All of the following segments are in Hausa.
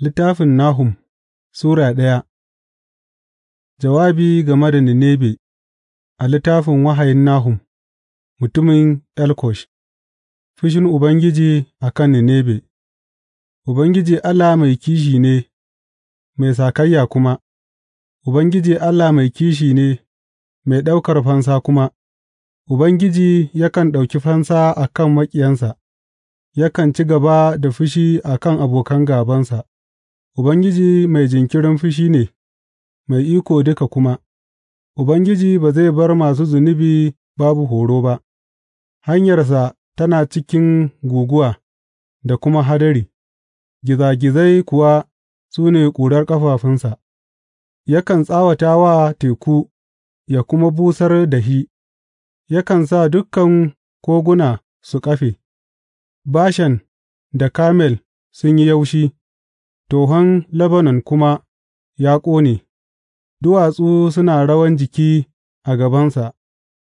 Littafin Nahum Sura ɗaya. Jawabi game da Ninebe a littafin wahayin Nahum mutumin Elkosh Fushin Ubangiji a kan Ninebe Ubangiji Allah mai kishi ne, mai sakayya kuma; Ubangiji Allah mai kishi ne, mai ɗaukar fansa kuma; Ubangiji yakan ɗauki fansa a kan maƙiyansa, yakan ci gaba da fushi a kan abokan gabansa. Ubangiji mai jinkirin fushi ne, mai iko duka kuma; Ubangiji ba zai bar masu zunubi babu horo ba, hanyarsa tana cikin guguwa da kuma hadari, gizagizai kuwa su ne ƙurar ƙafafunsa; yakan tsawata wa teku ya kuma busar da shi, yakan sa dukan koguna su kafe, Bashan da kamel sun yi yaushi. tohon Lebanon kuma ya ƙone; duwatsu suna rawan jiki a gabansa,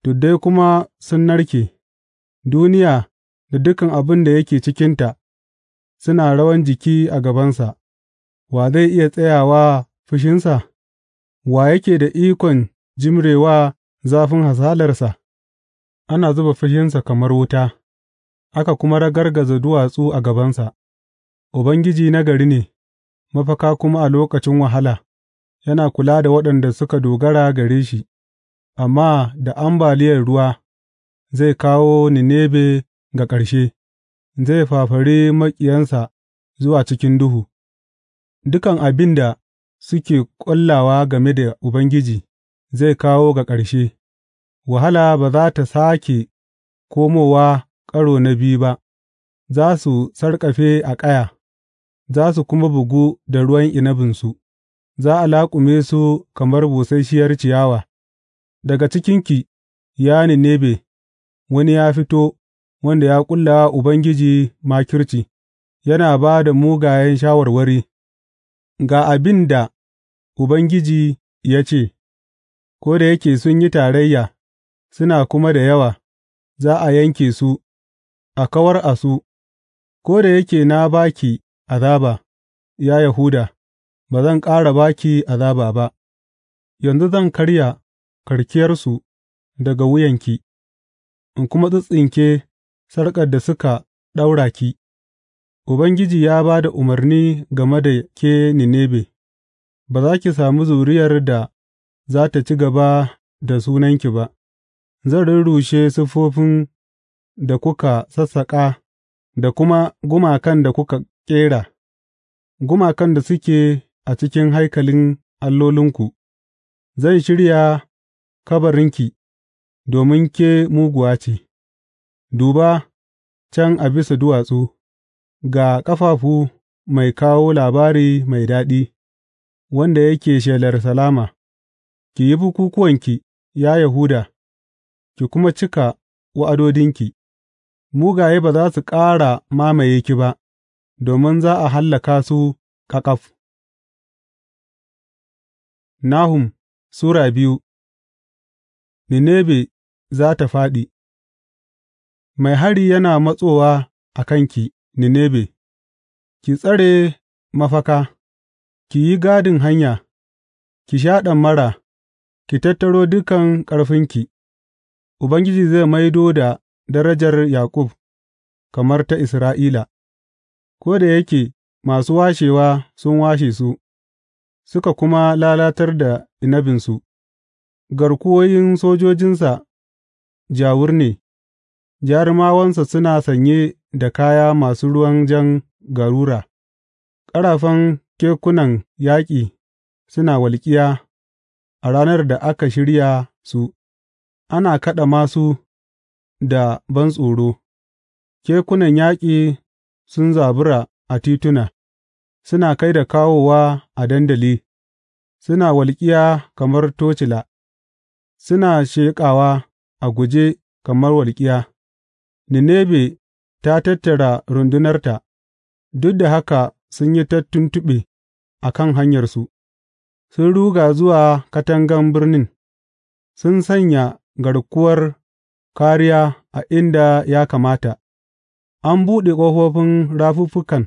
tuddai kuma sun narke; duniya da dukan abin da yake cikinta suna rawan jiki a gabansa, wa zai iya tsayawa wa fushinsa, wa yake da ikon jimrewa zafin hasalarsa? Ana zuba fushinsa kamar wuta aka kuma ragargaza duwatsu a gabansa; Ubangiji nagari ne. mafaka kuma a lokacin wahala, yana kula da waɗanda suka dogara gare shi, amma da ambaliyar ruwa zai kawo Ninebe ga ƙarshe, zai fafare maƙiyansa zuwa cikin duhu, dukan abin da suke ƙwallawa game da Ubangiji zai kawo ga ƙarshe, wahala ba za ta sake komowa ƙaro na biyu ba, za su sarƙafe a ƙaya. za su kuma bugu da ruwan inabinsu; za a laƙume su kamar busasshiyar ciyawa, daga cikinki, ya Ninebe, wani ya fito wanda ya ƙulla wa Ubangiji makirci, yana ba da mugayen shawarwari, ga abin da Ubangiji ya ce, Ko da yake sun yi tarayya, suna kuma da yawa, za a yanke su, a kawar a su, ko da yake na baki. azaba, ya Yahuda, ba zan ƙara ba ki azaba ba, yanzu zan karya karkiyarsu daga wuyanki, in kuma tsintsinke sarƙar da suka ɗaura ki, Ubangiji ya ba da umarni game da ke Ninebe, ba za ki sami zuriyar da za ta ci gaba da sunanki ba, zan rurrushe siffofin da kuka sassaƙa da kuma gumakan da kuka ƙera, gumakan da suke a cikin haikalin allolinku, zan shirya kabarinki domin ke muguwa ce, duba can a bisa duwatsu, ga ƙafafu mai kawo labari mai daɗi, wanda yake shelar salama, ki yi bukukuwanki, ya Yahuda, ki kuma cika wa'adodinki, mugaye ba za su ƙara mamaye ki ba. domin za a hallaka su ƙaƙaf. Nahum Sura biyu Ninebe za ta fāɗi Mai hari yana matsowa a kanki, Ninebe, ki tsare mafaka, ki yi gadin hanya, ki sha ɗamara, ki tattaro dukan ƙarfinki, Ubangiji zai maido da darajar Yaƙub kamar ta Isra'ila. Ko da yake masu washewa sun washe su suka kuma lalatar da inabinsu, garkuwoyin sojojinsa jawur ne, jarumawansa suna sanye da kaya masu ruwan jan garura, ƙarafan kekunan yaƙi suna walƙiya a ranar da aka shirya su, ana kaɗa masu da ban bantsoro, kekunan yaƙi sun zabura a tituna, suna kai da kawowa a dandali, suna walƙiya kamar tocila, suna sheƙawa a guje kamar walƙiya. Ninebe ta tattara rundunarta, duk da haka sun yi ta tuntuɓe a kan hanyarsu, sun ruga zuwa katangan birnin, sun sanya garkuwar kariya a inda ya kamata. An buɗe ƙofofin rafuffukan,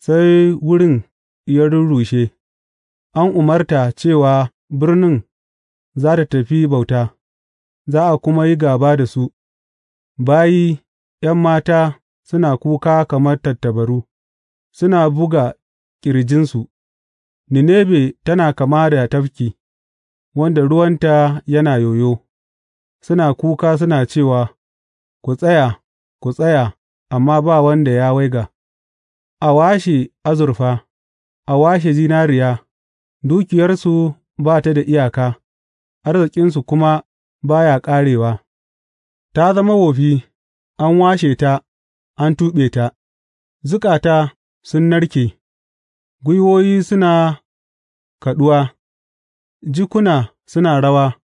sai wurin ya rurrushe; an umarta cewa birnin za ta tafi bauta, za a kuma yi gaba da su, bayi ’yan mata suna kuka kamar tattabaru, suna buga ƙirjinsu, Ninebe tana kama da tafki, wanda ruwanta yana yoyo, suna kuka suna cewa, Ku tsaya, ku tsaya! amma ba wanda ya waiga; a washe azurfa, a washe zinariya, dukiyarsu ba ta da iyaka, arzikinsu kuma ba ya ƙarewa; ta zama wofi, an washe ta, an tuɓe ta, zukata sun narke, gwiwoyi suna kaɗuwa, jikuna suna rawa,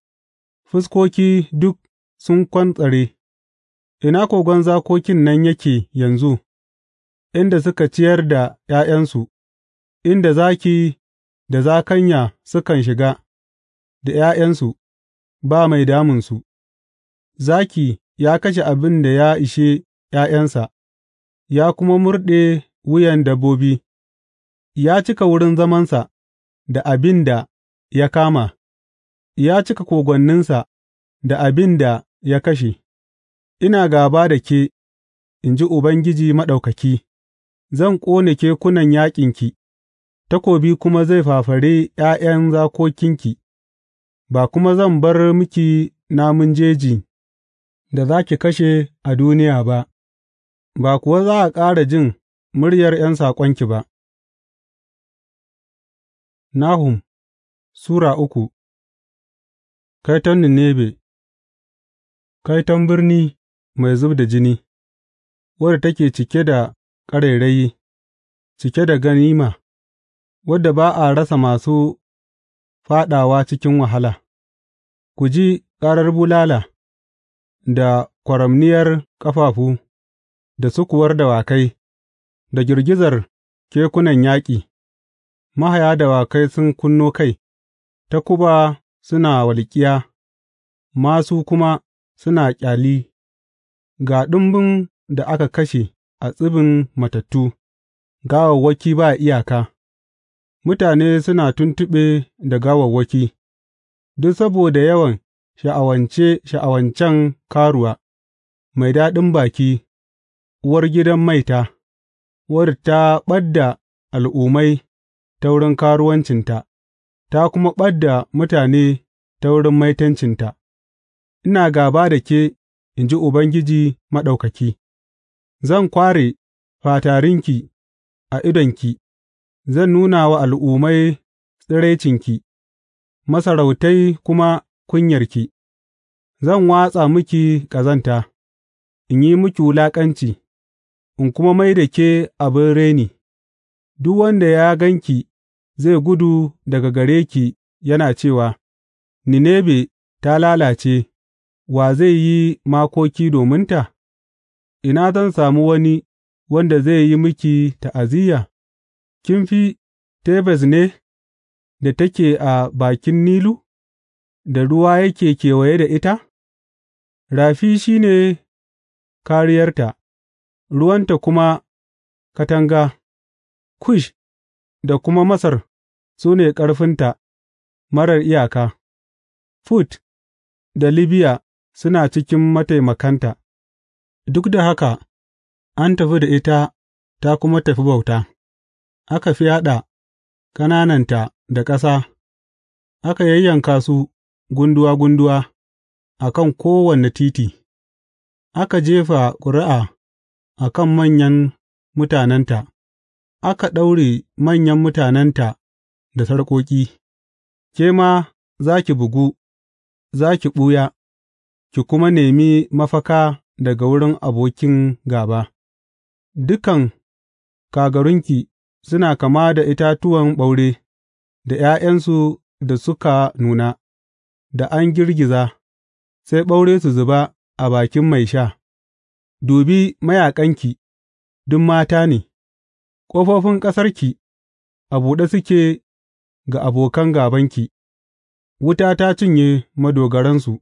fuskoki duk sun kwantsare. Ina kogon zakokin nan yake yanzu, inda suka ciyar da ’ya'yansu, inda zaki da zakanya sukan shiga, da ’ya'yansu, ba mai damunsu; zaki ya kashe abin da ya ishe ’ya'yansa ya kuma murɗe wuyan dabbobi; ya cika wurin zamansa da abin da ya kama, ya cika kogwanninsa da abin da ya kashe. Ina gāba da ke, in ji Ubangiji Maɗaukaki, zan ƙone kekunan yaƙinki, takobi kuma zai fafare ’ya'yan zakokinki, ba kuma zan bar miki namun jeji da za ki kashe a duniya ba, ba kuwa za a ƙara jin muryar ’yan saƙonki ba. Nahum Sura uku Kaiton Ninebe Kaiton birni mai zub da jini, wadda take cike da ƙarairayi, cike da ganima, wadda ba a rasa masu fāɗawa cikin wahala, ku ji ƙarar bulala, da kwaramniyar ƙafafu, da sukuwar dawakai, da girgizar kekunan yaƙi, mahaya dawakai sun kunno kai, Ta kuba suna walƙiya, masu kuma suna ƙyali. Ga ɗumbun da aka kashe a tsibin matattu, gawawwaki ba iyaka; mutane suna tuntuɓe da gawawwaki, duk saboda yawan sha'awance sha'awancen karuwa, mai daɗin baki, uwar gidan maita, wadda ta ɓadda al'ummai ta wurin karuwancinta ta kuma ɓadda mutane ta wurin maitancinta, Ina gāba da ke in ji Ubangiji Maɗaukaki, zan kware fatarinki a idonki, zan nuna wa al'ummai tsiraicinki, masarautai kuma kunyarki, zan watsa miki ƙazanta, in yi miki wulaƙanci, in kuma mai da ke abin reni, duk wanda ya ganki zai gudu daga gare ki yana cewa, Ninebe ta lalace. wa zai yi makoki dominta? Ina zan sami wani wanda zai yi miki ta'aziyya? Kin fi Tebes ne da take a bakin Nilu, da ruwa yake kewaye da ita? Rafi shi ne kariyarta, ruwanta kuma katanga, Kush da kuma Masar su ne ƙarfinta marar iyaka, Fut da Libiya suna cikin mataimakanta, duk da haka an tafi da ita ta kuma tafi bauta, aka fyaɗa ƙanananta da ƙasa, aka yayyanka su gunduwa gunduwa a kan kowane titi, aka jefa ƙuri'a a kan manyan mutanenta, aka ɗaure manyan mutanenta da sarƙoƙi, ke ma za ki bugu, za ki ɓuya. ki kuma nemi mafaka daga wurin abokin gāba; dukan kagarunki suna kama da itatuwan ɓaure, da ’ya'yansu da suka nuna, da an girgiza, sai ɓaure su zuba a bakin mai sha; dubi mayaƙanki, duk mata ne, ƙofofin ƙasarki a buɗe suke ga abokan gābanki; wuta ta cinye madogaransu.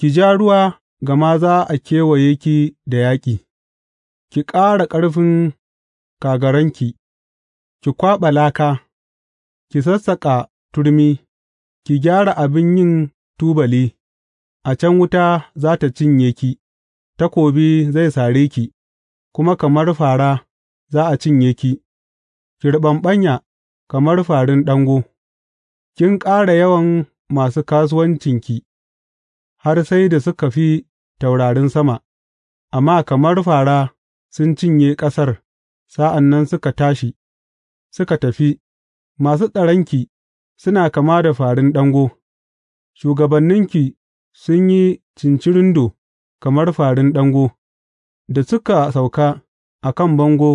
Ki ja ruwa, gama za a kewaye ki da yaƙi; ki ƙara ƙarfin kagaranki, ki kwaɓa laka, ki sassaƙa turmi, ki gyara abin yin tubali, a can wuta za tă cinye ki, takobi zai sare ki, kuma kamar fara za a cinye ki, ki riɓaɓɓanya kamar farin ɗango, kin ƙara yawan masu kasuwancinki. har sai da suka fi taurarin sama, amma kamar fara sun cinye ƙasar sa'an nan suka tashi, suka tafi, masu tsaranki suna kama da farin ɗango, shugabanninki sun yi cincirindo kamar farin ɗango, da suka sauka a kan bango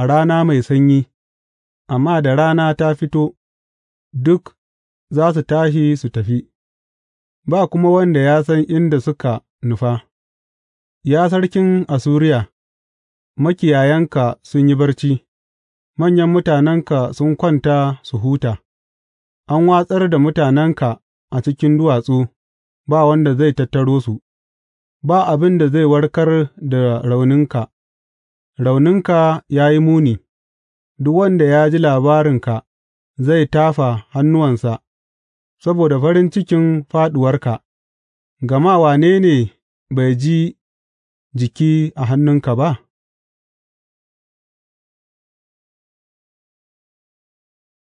a rana mai sanyi, amma da rana ta fito, duk za su tashi su tafi. ba kuma wanda ya san inda suka nufa; Ya sarkin Assuriya, makiyayanka sun yi barci, manyan mutanenka sun kwanta su huta; an watsar da mutanenka a cikin duwatsu, ba wanda zai tattaro su, ba abin da zai warkar da rauninka, rauninka ya yi muni, duk wanda ya ji labarinka zai tafa hannuwansa. saboda farin cikin fāɗuwarka, gama wane ne bai ji jiki a hannunka ba?